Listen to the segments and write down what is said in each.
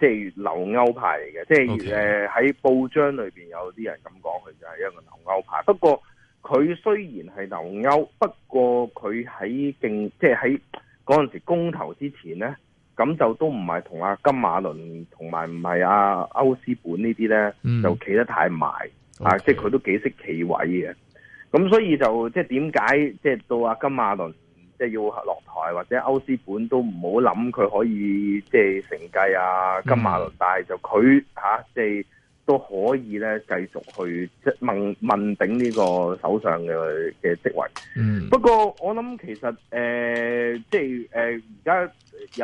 即係留歐派嚟嘅，即係誒喺報章裏邊有啲人咁講，佢就係一個留歐派。不過佢雖然係留歐，不過佢喺競即係喺嗰陣時公投之前咧，咁就都唔係同阿金馬倫同埋唔係阿歐斯本這些呢啲咧，mm. 就企得太埋 Okay. 啊！即係佢都幾識企位嘅。咁所以就即係點解即係到阿金馬倫？即係要落台，或者歐斯本都唔好諗佢可以即係承繼啊金馬倫，大就佢吓，即係都可以咧，繼續去問問鼎呢個首相嘅嘅職位。嗯，不過我諗其實誒、呃、即係誒而家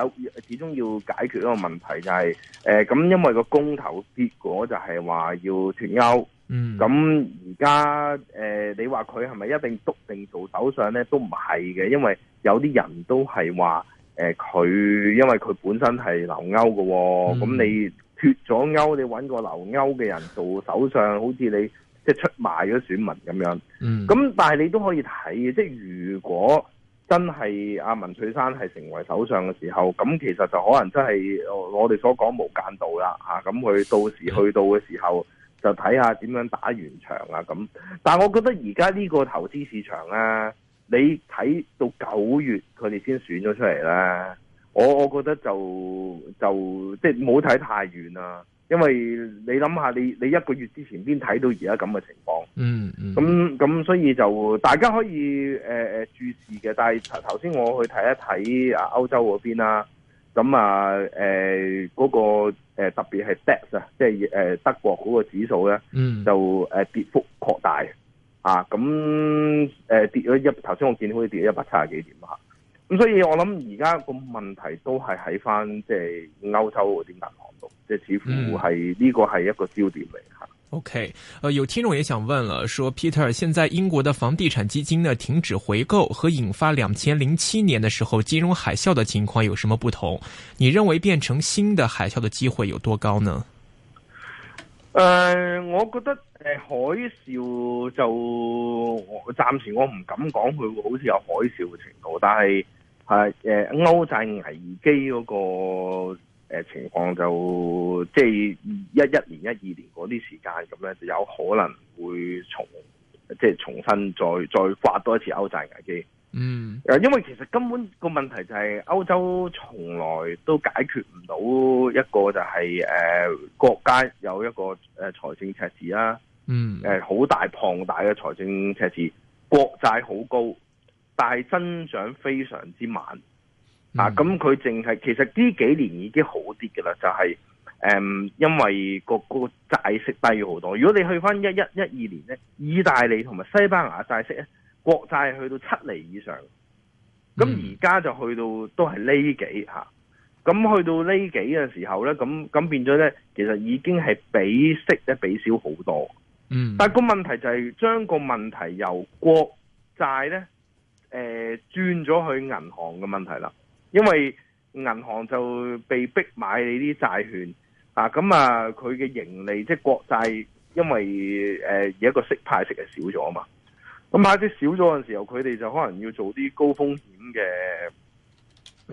有始終要解決一個問題就係誒，咁因為個公投結果就係話要脫歐。嗯，咁而家誒，你話佢係咪一定篤定做首相咧？都唔係嘅，因為有啲人都係話誒，佢、呃、因為佢本身係留歐嘅，咁、嗯、你脫咗歐，你搵個留歐嘅人做首相，好似你即係出賣咗選民咁樣。嗯，咁但係你都可以睇即係如果真係阿文翠珊係成為首相嘅時候，咁其實就可能真係我哋所講無間道啦吓，咁、啊、佢到時去到嘅時候。嗯就睇下點樣打完場啊咁，但係我覺得而家呢個投資市場啊，你睇到九月佢哋先選咗出嚟啦。我我覺得就就即係冇睇太遠啦，因為你諗下你你一個月之前邊睇到而家咁嘅情況？嗯嗯。咁、嗯、咁所以就大家可以誒、呃、注視嘅，但係頭先我去睇一睇啊歐洲嗰邊啊。咁啊，誒嗰、呃那個誒、呃、特別係 DAX 啊，即係誒德國嗰個指數咧，mm. 就跌幅擴大啊！咁誒、呃、跌咗一頭先，才我見好似跌咗一百七十幾點啊！咁所以我諗而家個問題都係喺翻即係歐洲嗰啲銀行度，即係似乎係呢、mm. 個係一個焦點嚟嚇。OK，誒、uh，有聽眾也想問了，說 Peter，現在英國的房地產基金呢，停止回購，和引發兩千零七年的時候金融海嘯的情況有什麼不同？你認為變成新的海嘯的機會有多高呢？呃，我覺得誒、呃、海嘯就暫時我唔敢講佢會好似有海嘯嘅程度，但係係誒歐債危機嗰、那個。誒、呃，情況就即係一一年、一二年嗰啲時間咁咧，就有可能會重，即係重新再再發多一次歐債危機。嗯、啊、呃，因為其實根本個問題就係歐洲從來都解決唔到一個就係、是、誒、呃、國家有一個誒財政赤字啦。嗯、呃，誒好大龐大嘅財政赤字，國債好高，但係增長非常之慢。啊，咁佢淨係其實呢幾年已經好啲嘅啦，就係、是、誒、嗯，因為個個債息低好多。如果你去翻一一一二年咧，意大利同埋西班牙債息咧，國債去到七厘以上，咁而家就去到都係呢幾吓，咁、嗯啊、去到呢幾嘅時候咧，咁咁變咗咧，其實已經係比息咧比少好多。嗯，但個問題就係將個問題由國債咧，誒轉咗去銀行嘅問題啦。因為銀行就被逼買你啲債券啊，咁啊佢嘅盈利即係、就是、國債，因為誒而、呃、一個息派息係少咗啊嘛，咁啊啲少咗嘅時候，佢哋就可能要做啲高風險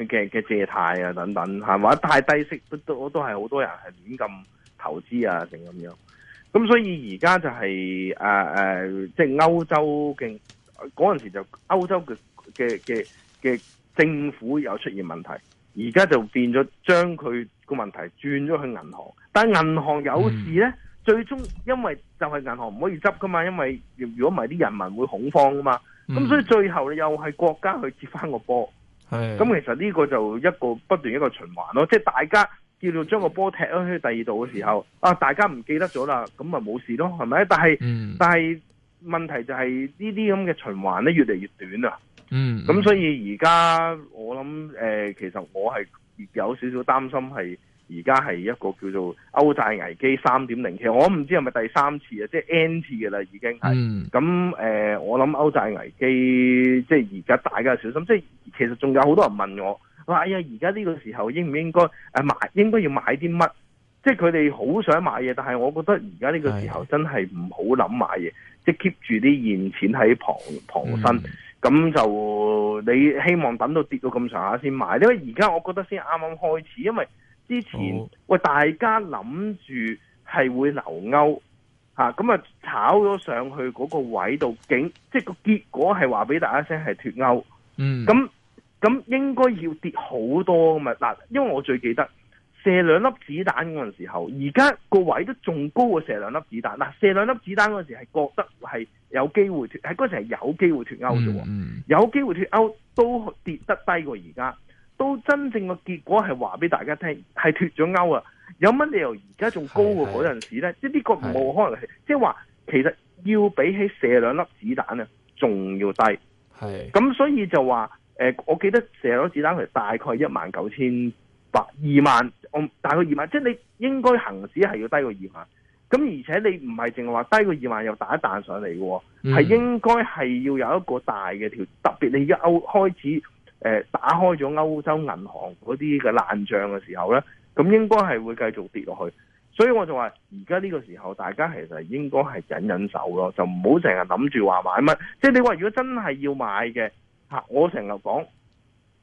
嘅嘅嘅借貸啊等等，係、啊、咪？太低息都都都係好多人係亂咁投資啊定咁樣，咁、啊、所以而家就係誒誒，即、啊、係、啊就是、歐洲嘅嗰陣時就歐洲嘅嘅嘅嘅。政府有出現問題，而家就變咗將佢個問題轉咗去銀行，但係銀行有事呢，嗯、最終因為就係銀行唔可以執噶嘛，因為如果唔係啲人民會恐慌噶嘛，咁、嗯、所以最後又係國家去接翻個波，咁、嗯、其實呢個就一個不斷一個循環咯，是的即係大家叫做將個波踢咗去第二度嘅時候，嗯、啊大家唔記得咗啦，咁咪冇事咯，係咪？但係、嗯、但係問題就係呢啲咁嘅循環呢越嚟越短啊！嗯，咁、嗯、所以而家我諗，誒、呃，其實我係有少少擔心，係而家係一個叫做歐債危機三點零其實，我唔知係咪第三次啊，即係 N 次嘅啦，已經係。咁誒、嗯呃，我諗歐債危機即係而家大家小心，即係其實仲有好多人問我，哎呀，而家呢個時候應唔應該誒、啊、買，應該要買啲乜？即係佢哋好想買嘢，但係我覺得而家呢個時候真係唔好諗買嘢，是即係 keep 住啲現錢喺旁旁身。嗯咁就你希望等到跌到咁上下先買，因為而家我覺得先啱啱開始，因為之前好喂大家諗住係會留歐，嚇咁啊就炒咗上去嗰個位度，竟即係個結果係話俾大家聽係脱歐，嗯，咁咁應該要跌好多嘛，嗱，因為我最記得。射兩粒子彈嗰陣時候，而家個位都仲高過射兩粒子彈。嗱，射兩粒子彈嗰陣時係覺得係有機會脱，喺嗰陣時係有機會脱歐啫喎。嗯嗯、有機會脱歐都跌得低過而家。到真正嘅結果係話俾大家聽，係脱咗歐啊！有乜理由而家仲高過嗰陣時呢？是即係呢個冇可能係，是即係話其實要比起射兩粒子彈啊，仲要低。係咁是，所以就話誒、呃，我記得射兩粒子彈係大概一萬九千。百二萬，大概二萬，即係你應該行使係要低過二萬。咁而且你唔係淨係話低過二萬又打一彈上嚟嘅喎，係應該係要有一個大嘅條。特別你而家歐開始誒打開咗歐洲銀行嗰啲嘅爛帳嘅時候咧，咁應該係會繼續跌落去。所以我就話而家呢個時候，大家其實應該係忍忍手咯，就唔好成日諗住話買乜。即係你話如果真係要買嘅嚇，我成日講，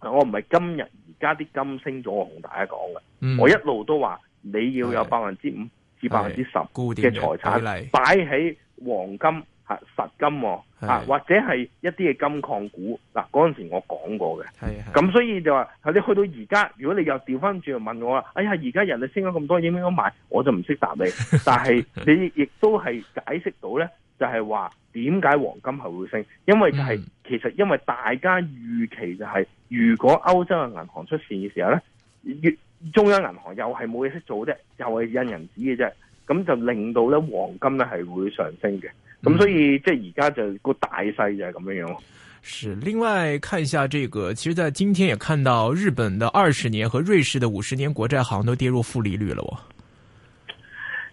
我唔係今日。而家啲金升咗，我同大家講嘅，嗯、我一路都話你要有百分之五至百分之十嘅財產擺喺黃金吓，是是實金啊，是或者係一啲嘅金礦股嗱。嗰陣時我講過嘅，咁所以就話，你去到而家，如果你又調翻轉嚟問我啦，哎呀，而家人哋升咗咁多，應唔應該買？我就唔識答你。 但係你亦都係解釋到咧，就係話點解黃金係會升？因為就係、是嗯、其實因為大家預期就係、是。如果歐洲嘅銀行出事嘅時候咧，中央銀行又係冇嘢識做啫，又係印銀紙嘅啫，咁就令到咧黃金咧係會上升嘅。咁、嗯、所以即係而家就個大勢就係咁樣樣。是另外看一下這個，其實在今天也看到日本的二十年和瑞士的五十年國債行都跌入負利率了。我。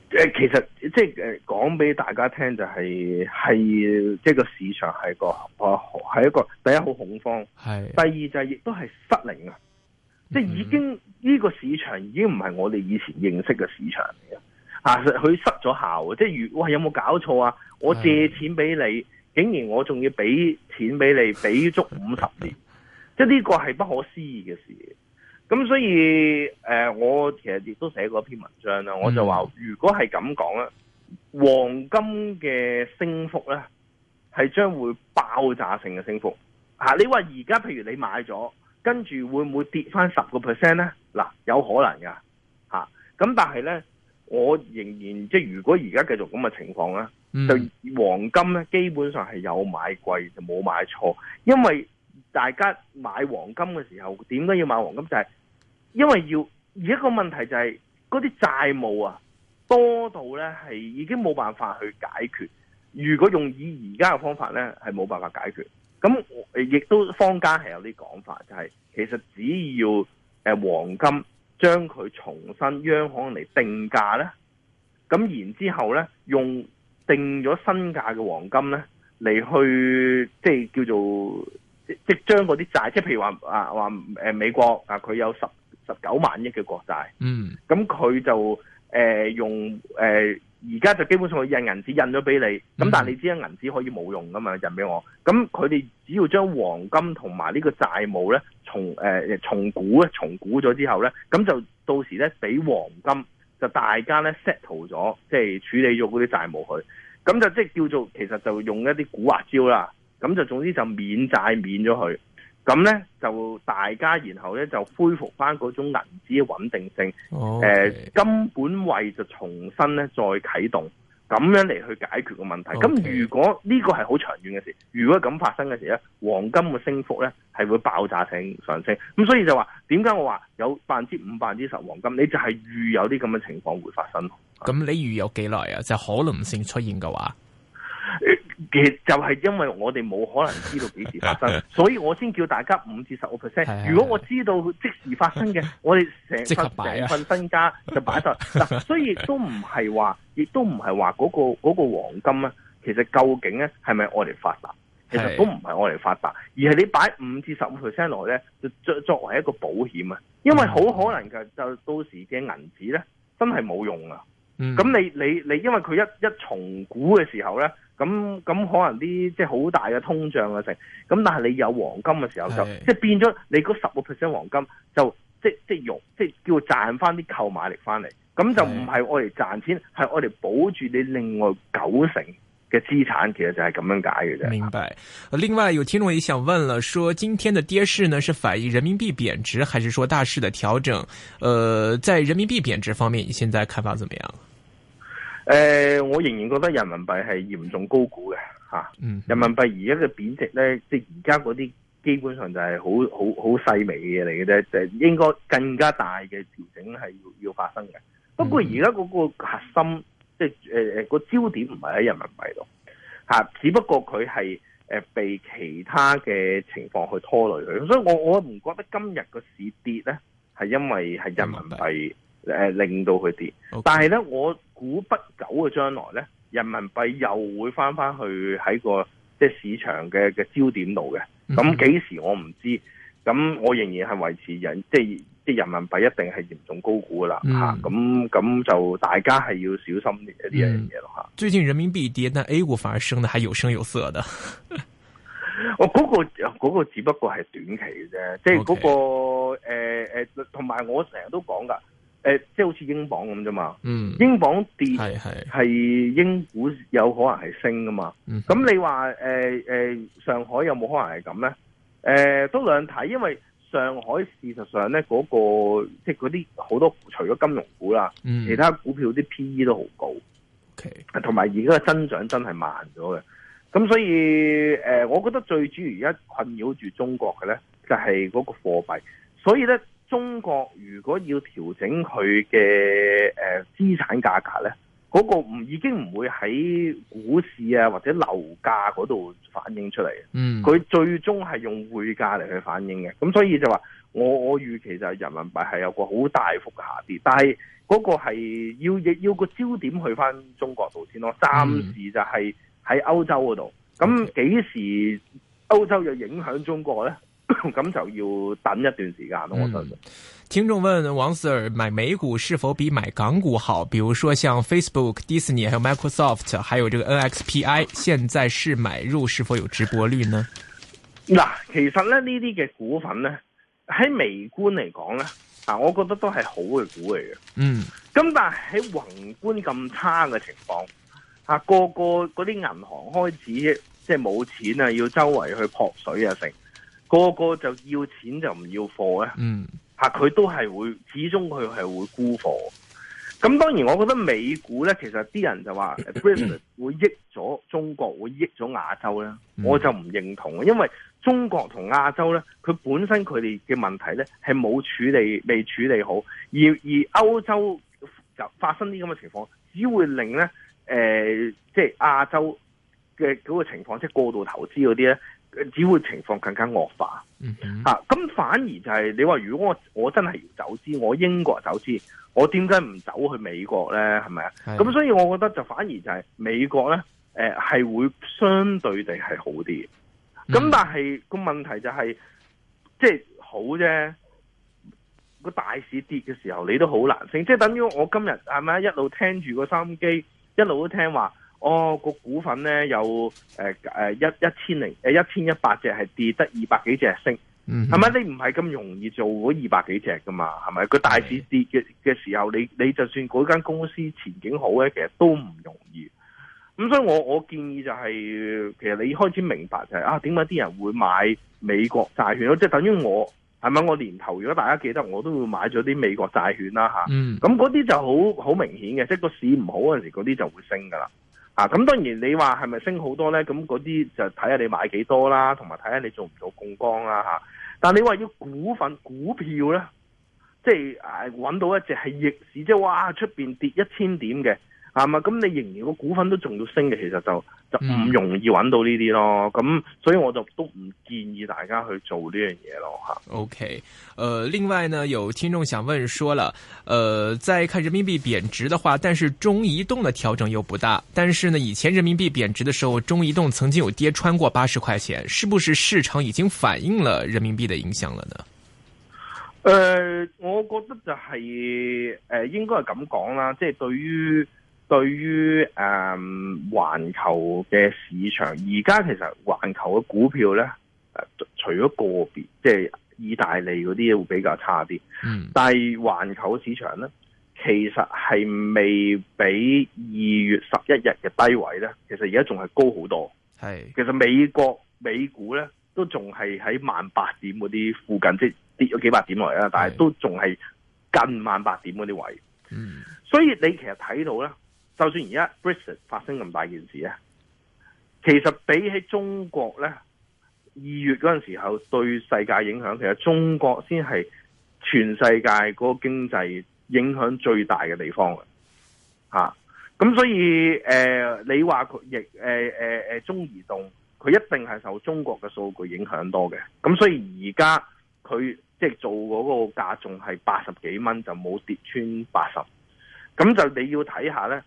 誒、呃，其實即係誒，講、呃、俾大家聽就係、是、係，即係個市場係個係一個、啊、一個第一好恐慌，係是第二就係、是、亦都係失靈啊！嗯、即係已經呢、這個市場已經唔係我哋以前認識嘅市場嚟啊！佢失咗效了，即係如哇，有冇搞錯啊？我借錢俾你，是竟然我仲要俾錢俾你，俾足五十年， 即係呢個係不可思議嘅事。咁所以，誒、呃，我其實亦都寫過一篇文章啦。我就話，如果係咁講啦，黃金嘅升幅咧，係將會爆炸性嘅升幅。吓、啊，你話而家譬如你買咗，跟住會唔會跌翻十個 percent 咧？嗱、啊，有可能噶吓。咁、啊、但係咧，我仍然即係如果而家繼續咁嘅情況咧，就黃金咧基本上係有買貴就冇買錯，因為。大家買黃金嘅時候，點解要買黃金？就係因為要而一個問題就係嗰啲債務啊，多到呢係已經冇辦法去解決。如果用以而家嘅方法呢，係冇辦法解決。咁亦都坊間係有啲講法，就係其實只要誒黃金將佢重新央行嚟定價呢，咁然之後呢，用定咗新價嘅黃金呢嚟去即係叫做。即將嗰啲債，即係譬如話啊話誒、啊啊、美國啊，佢有十十九萬億嘅國債，嗯，咁佢就誒、呃、用誒而家就基本上印銀紙印咗俾你，咁、嗯、但係你知銀紙可以冇用噶嘛，印俾我，咁佢哋只要將黃金同埋呢個債務咧，從誒從股從股咗之後咧，咁就到時咧俾黃金就大家咧 settle 咗，即係處理咗嗰啲債務去，咁就即係叫做其實就用一啲古惑招啦。咁就總之就免債免咗佢，咁呢，就大家然後呢，就恢復翻嗰種銀紙嘅穩定性，誒金 Okay.、呃、本位就重新呢，再啟動，咁樣嚟去解決個問題。咁 Okay. 如果呢個係好長遠嘅事，如果咁發生嘅時呢，黃金嘅升幅呢係會爆炸性上升，咁所以就話點解我話有百分之五、百分之十黃金，你就係預有啲咁嘅情況會發生。咁你預有幾耐啊？就是、可能性出現嘅話？其實 就係因為我哋冇可能知道幾時發生，所以我先叫大家五至十五 percent。如果我知道即時發生嘅，我哋成、啊、份成份身家就擺晒。嗱， 所以都唔係話，亦都唔係話嗰個、嗰個黃金咧。其實究竟咧係咪我哋發達？其實都唔係我哋發達，而係你擺五至十五 percent 落咧，就作作為一個保險啊。因為好可能噶，就到時嘅銀紙咧真係冇用啊。咁你你你，你你因為佢一一重估嘅時候咧。咁咁、嗯嗯、可能啲即係好大嘅通脹嘅成，咁但係你有黃金嘅時候就是的 即係變咗你嗰十個 percent 黃金就即即用即叫賺翻啲購買力翻嚟，咁就唔係我哋賺錢，係我哋保住你另外九成嘅資產，其實就係咁樣解嘅。明白。另外有聽眾也想問啦，說今天的跌市呢，是反映人民幣貶值，還是說大市的調整？呃，在人民幣貶值方面，你現在看法怎麼樣？誒、呃，我仍然覺得人民幣係嚴重高估嘅，吓、啊，嗯、哼人民幣而家嘅貶值咧，即係而家嗰啲基本上就係好好好細微嘅嘢嚟嘅啫，就係、是、應該更加大嘅調整係要要發生嘅。不過而家嗰個核心，嗯、哼即係誒誒個焦點唔係喺人民幣度，吓、啊，只不過佢係誒被其他嘅情況去拖累佢，所以我我唔覺得今日個市跌咧係因為係人民幣。誒，令到佢跌，Okay. 但係咧，我估不久嘅將來咧，人民幣又會翻翻去喺個即係市場嘅嘅焦點度嘅。咁幾、嗯、哼時我唔知道，咁我仍然係維持人，即係即係人民幣一定係嚴重高估啦吓。咁咁、嗯啊、就大家係要小心一啲嘢咯吓。最近人民幣跌，但 A 股反而升得還有聲有色的。我、 哦嗰個、嗰個只不過係短期啫，即係嗰、嗰個誒誒，同埋 Okay.、呃呃、我成日都講噶。誒、呃，即係好似英鎊咁啫嘛，嗯，英鎊跌係係，係英股有可能係升噶嘛，咁、嗯、哼你話誒誒，上海有冇可能係咁咧？誒、呃，都兩睇，因為上海事實上咧嗰、那個即係嗰啲好多除咗金融股啦，嗯、其他股票啲 PE 都好高，同埋 Okay. 而家嘅增長真係慢咗嘅，咁所以誒、呃，我覺得最主要而家困擾住中國嘅咧，就係、是、嗰個貨幣，所以咧。中國如果要調整佢嘅誒資產價格呢，嗰個唔已經唔會喺股市啊，或者樓價嗰度反映出嚟。嗯，佢最終係用匯價嚟去反映嘅。咁所以就話我我預期就係人民幣係有個好大幅嘅下跌，但係嗰個係要要個焦點去返中國度先咯。暫時就係喺歐洲嗰度。咁幾時歐洲又影響中國呢？咁 就要等一段時間咯。嗯、我相信，聽眾問王 Sir 買美股是否比買港股好？比如說像 Facebook、Disney、還有 Microsoft，還有這個 NXPI，現在是買入是否有值博率呢？嗱，其實咧呢啲嘅股份咧，喺微觀嚟講咧，啊，我覺得都係好嘅股嚟嘅。嗯。咁但係喺宏觀咁差嘅情況，啊，個個嗰啲銀行開始即係冇錢啊，要周圍去撲水啊，成。個個就要錢就唔要貨咧，吓佢、嗯、都係會，始終佢係會沽貨。咁當然，我覺得美股咧，其實啲人就話 會益咗中國，會益咗亞洲咧，我就唔認同。因為中國同亞洲咧，佢本身佢哋嘅問題咧係冇處理，未處理好。而而歐洲就發生啲咁嘅情況，只會令咧誒、呃，即係亞洲嘅嗰個情況，即係過度投資嗰啲咧。只會情況更加惡化，吓咁、嗯哼啊、反而就係、是、你話如果我我真係要走資，我英國走資，我點解唔走去美國咧？係咪啊？咁的所以我覺得就反而就係美國咧，誒、呃、係會相對地係好啲咁，但係個問題就係、是，嗯、即係好啫，個大市跌嘅時候你都好難升，即係等於我今日係咪一路聽住個收音機，一路都聽話。哦，個股份咧有誒誒一一千零誒一千一百隻係跌得二百幾隻升，係咪、嗯哼？你唔係咁容易做嗰二百幾隻噶嘛？係咪？佢大市跌嘅嘅時候，你你就算嗰間公司前景好咧，其實都唔容易。咁所以我我建議就係、是，其實你開始明白就係、是、啊，點解啲人會買美國債券咯？即、就、係、是、等於我，係咪？我年頭如果大家記得，我都會買咗啲美國債券啦吓。咁嗰啲就顯、就是、好好明顯嘅，即係個市唔好嗰陣時，嗰啲就會升噶啦。啊，咁當然你話係咪升好多呢？咁嗰啲就睇下你買幾多少啦，同埋睇下你做唔做槓桿啦嚇、啊。但你話要股份股票呢，即係揾、啊、到一隻係逆市，即係哇出邊跌一千點嘅。係嘛？咁你仍然個股份都仲要升嘅，其實就就唔容易揾到呢啲咯。咁、嗯、所以我就都唔建議大家去做呢樣嘢咯。吓，OK，呃。誒，另外呢，有聽眾想問，說了，誒、呃，再看人民幣貶值的話，但是中移動嘅調整又不大。但是呢，以前人民幣貶值的時候，中移動曾經有跌穿過八十塊錢，是不是市場已經反映了人民幣嘅影響了呢？誒、呃，我覺得就係、是、誒、呃，應該係咁講啦。即、就、係、是、對於對於誒、嗯、環球嘅市場，而家其實環球嘅股票咧誒、呃，除咗個別，即係意大利嗰啲會比較差啲，嗯，但係環球市場咧，其實係未比二月十一日嘅低位咧，其實而家仲係高好多，係是，其實美國美股咧都仲係喺萬八點嗰啲附近，即係跌咗幾百點落嚟啦，是但係都仲係近萬八點嗰啲位，嗯，所以你其實睇到咧。就算而家 Brexit 發生咁大件事咧，其實比起中國咧，二月嗰陣時候對世界影響，其實中國先係全世界嗰個經濟影響最大嘅地方嘅。嚇、啊，咁所以誒、呃，你話佢亦誒誒誒中移動，佢一定係受中國嘅數據影響多嘅。咁所以而家佢即係做嗰個價，仲係八十幾蚊就冇跌穿八十。咁就你要睇下咧。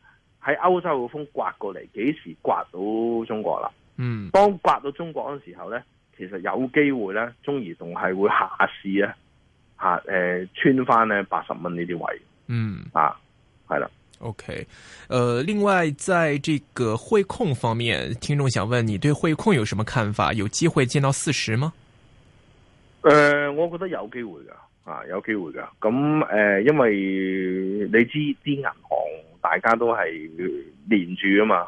喺歐洲嘅風颳過嚟，幾時颳到中國啦？嗯，當颳到中國嗰時候咧，其實有機會咧，中移動係會下市下、呃位嗯、啊，吓誒，穿翻咧八十蚊呢啲位，嗯啊，係啦，OK，誒、呃，另外在這個匯控方面，聽眾想問你對匯控有什麼看法？有機會見到四十嗎？誒、呃，我覺得有機會噶，啊，有機會噶，咁、嗯、誒、呃，因為你知啲銀行。大家都係連住啊嘛，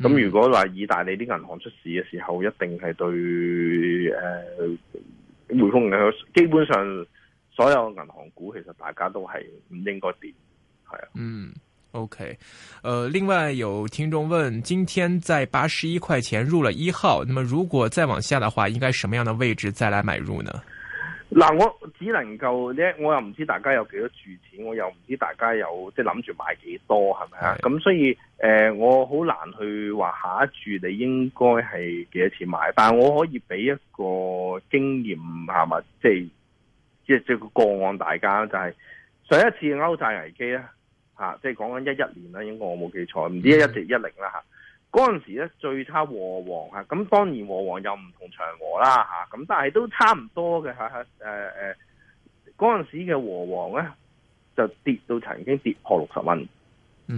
咁如果話意大利啲銀行出事嘅時候，一定係對誒匯豐銀行，基本上所有銀行股其實大家都係唔應該跌，係啊。嗯，OK，誒、呃，另外有聽眾問，今天在八十一塊錢入了一號，那麼如果再往下的話，應該什麼樣的位置再來買入呢？嗱，我只能夠咧，我又唔知大家有幾多住錢，我又唔知大家有即係諗住買幾多，係咪啊？咁所以誒、呃，我好難去話下一住你應該係幾多錢買，但係我可以俾一個經驗係咪？即係即係即係個個案，大家就係、是、上一次歐債危機咧吓，即係講緊一一年啦，應該我冇記錯，唔知一零一零啦吓。10, 嗯嗰陣時咧，最差和黃吓，咁當然和黃又唔同長和啦吓，咁但係都差唔多嘅吓吓，誒、呃、誒，嗰、呃、陣時嘅和黃咧就跌到曾經跌破六十蚊，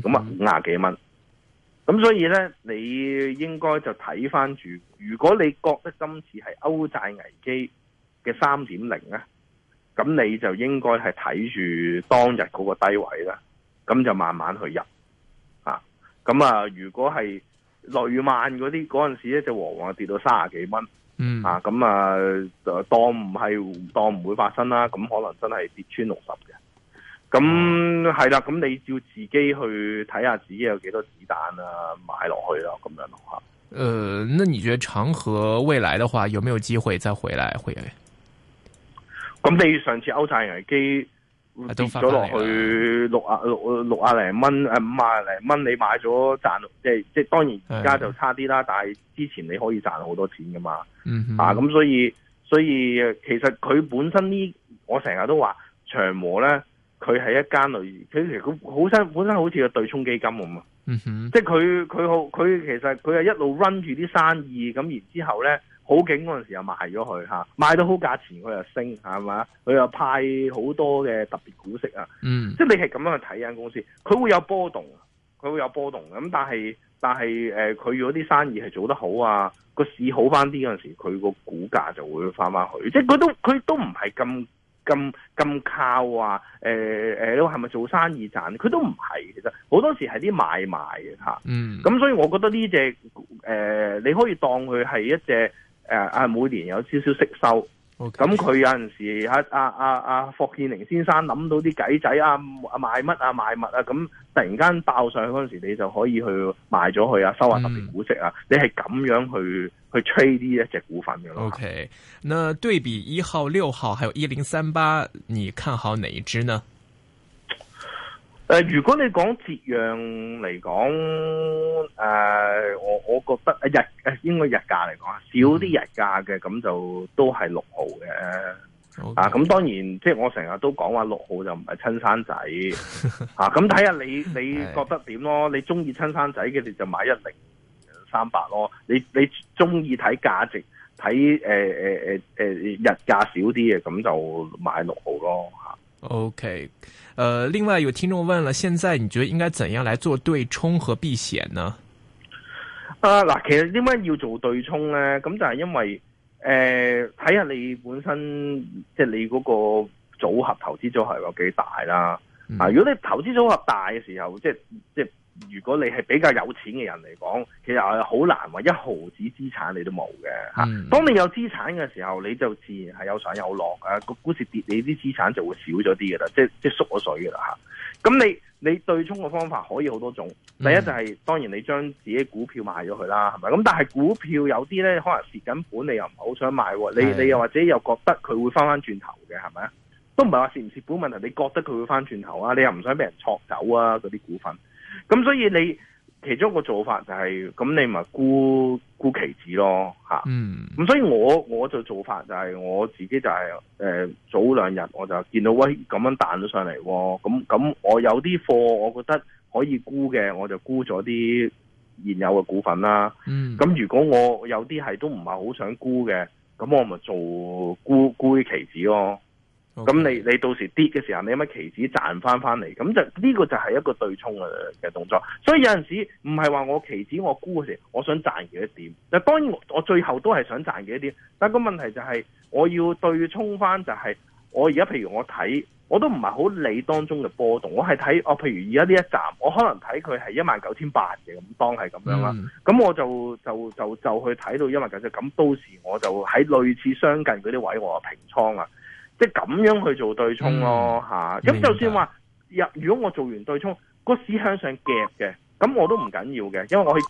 咁啊五廿幾蚊，咁所以咧，你應該就睇翻住，如果你覺得今次係歐債危機嘅三點零咧，咁你就應該係睇住當日嗰個低位咧，咁就慢慢去入，啊，咁啊如果係雷曼嗰啲嗰陣時咧就往往跌到三十幾蚊，嗯啊咁啊，當唔係當唔會發生啦，咁可能真係跌穿六十嘅，咁係啦，咁、嗯、你照自己去睇下自己有幾多子彈啊，買落去咯，咁樣咯嚇。誒、呃，那你覺得長和未來的話，有沒有機會再回來回來？咁你上次歐債危機，跌咗落去六啊六六啊零蚊，誒五啊零蚊，你買咗賺，即係即係當然而家就差啲啦，是的 但係之前你可以賺好多錢㗎嘛，嗯哼 啊咁所以所以其實佢本身呢，我成日都話長和咧，佢係一間類，佢其實佢好身本身好似個對沖基金咁啊，嗯、哼 即係佢佢好佢其實佢係一路 run 住啲生意，咁然之後咧。好景嗰陣時又賣咗佢，賣到好價錢佢又升係嘛？佢又派好多嘅特別股息啊！嗯，即係你係咁樣去睇間公司，佢會有波動，佢會有波動。咁但係但係佢、呃、如果啲生意係做得好啊，個市好翻啲嗰陣時，佢個股價就會翻翻去。即係佢都佢都唔係咁咁咁靠啊。誒、呃、誒，你話係咪做生意賺？佢都唔係其實好多時係啲買賣嘅嚇。嗯，咁所以我覺得呢隻誒你可以當佢係一隻。誒啊，每年有少少息收，咁佢 Okay. 有陣時阿阿、啊啊啊、霍建寧先生諗到啲計仔啊，買乜啊買物啊，咁、啊、突然間爆上去嗰陣時，你就可以去賣咗佢啊，收下特別股息啊，嗯、你係咁樣去去 trade 呢一隻股份嘅咯。OK，那對比一號、六號，還有一零三八，你看好哪一支呢？誒、呃，如果你講折讓嚟講，誒、呃，我我覺得日誒，應該日價嚟講啊，少啲日價嘅，咁就都係六號嘅。啊，咁當然，即係我成日都講話六號就唔係親生仔。 啊，咁睇下你你覺得點咯？ 你中意親生仔嘅，你就買一零三八咯。你你中意睇價值，睇誒誒誒誒日價少啲嘅，咁就買六號咯。OK，誒，另外有聽眾問了，現在你覺得應該怎樣來做對沖和避險呢？啊，嗱，其實點解要做對沖咧？咁就係因為誒，睇、呃、下你本身即係你嗰個組合投資組合有幾大啦。啊、嗯，如果你投資組合大嘅時候，即係即係。如果你係比較有錢嘅人嚟講，其實係好難話一毫子資產你都冇嘅吓。嗯、當你有資產嘅時候，你就自然係有上有落啊。個股市跌，你啲資產就會少咗啲噶啦，即係即係縮咗水噶啦吓。咁你你對沖嘅方法可以好多種。第一就係、是嗯、當然你將自己股票賣咗佢啦，係咪？咁但係股票有啲咧，可能蝕緊本，你又唔係好想賣。你的你又或者又覺得佢會翻翻轉頭嘅，係咪？都唔係話蝕唔蝕本問題，你覺得佢會翻轉頭啊？你又唔想俾人錯走啊？嗰啲股份。咁所以你其中一個做法就係、是，咁你咪沽沽期指咯，吓，咁所以我我就做法就係、是、我自己就係、是，誒、呃、早兩日我就見到威咁樣彈咗上嚟，咁咁我有啲貨我覺得可以沽嘅，我就沽咗啲現有嘅股份啦，咁、mm. 如果我有啲係都唔係好想沽嘅，咁我咪做沽沽期指咯。咁你你到時跌嘅時候，你有乜期指賺翻翻嚟，咁就呢、呢個就係一個對沖嘅嘅動作。所以有陣時唔係話我期指我估嘅時，我想賺幾多點。但當然我，我最後都係想賺幾多點。但個問題就係我要對沖翻、就係，就係我而家譬如我睇，我都唔係好理當中嘅波動，我係睇我譬如而家呢一站，我可能睇佢係一萬九千八嘅，咁當係咁樣啦。咁、嗯、我就就就就去睇到一萬九千。咁到時我就喺類似相近嗰啲位我平倉啦。即係咁樣去做對沖咯，吓，咁、嗯、就算話，入，如果我做完對沖個市向上夾嘅，咁、嗯、我都唔、嗯、緊要嘅，因為我去